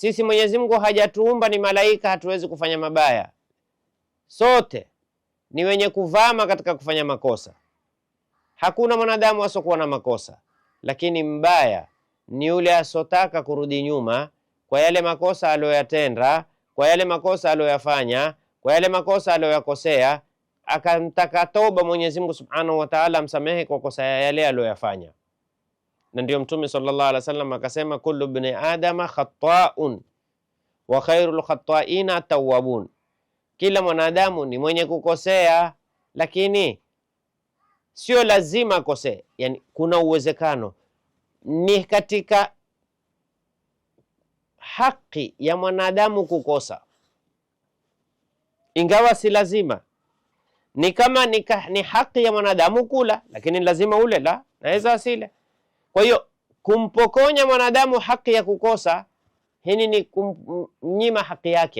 Sisi Mwenyezi Mungu hajatuumba ni malaika, hatuwezi kufanya mabaya. Sote ni wenye kuvama katika kufanya makosa. Hakuna mwanadamu asokuwa na makosa, lakini mbaya ni yule asotaka kurudi nyuma kwa yale makosa aliyoyatenda, kwa yale makosa aliyoyafanya, kwa yale makosa aliyoyakosea, akamtaka toba Mwenyezi Mungu Subhanahu wa Ta'ala amsamehe kwa kosa yale aliyoyafanya na ndio Mtume sallallahu alaihi wasallam akasema, kullu bni adama khataun wa khairul khataina tawwabun, kila mwanadamu ni mwenye kukosea, lakini sio lazima akosee, yani kuna uwezekano. Ni katika haki ya mwanadamu kukosa, ingawa si lazima. Ni kama ni haki ya mwanadamu kula, lakini lazima ule la, naweza asile kwa hiyo kumpokonya mwanadamu haki ya kukosa hili ni kumnyima haki yake.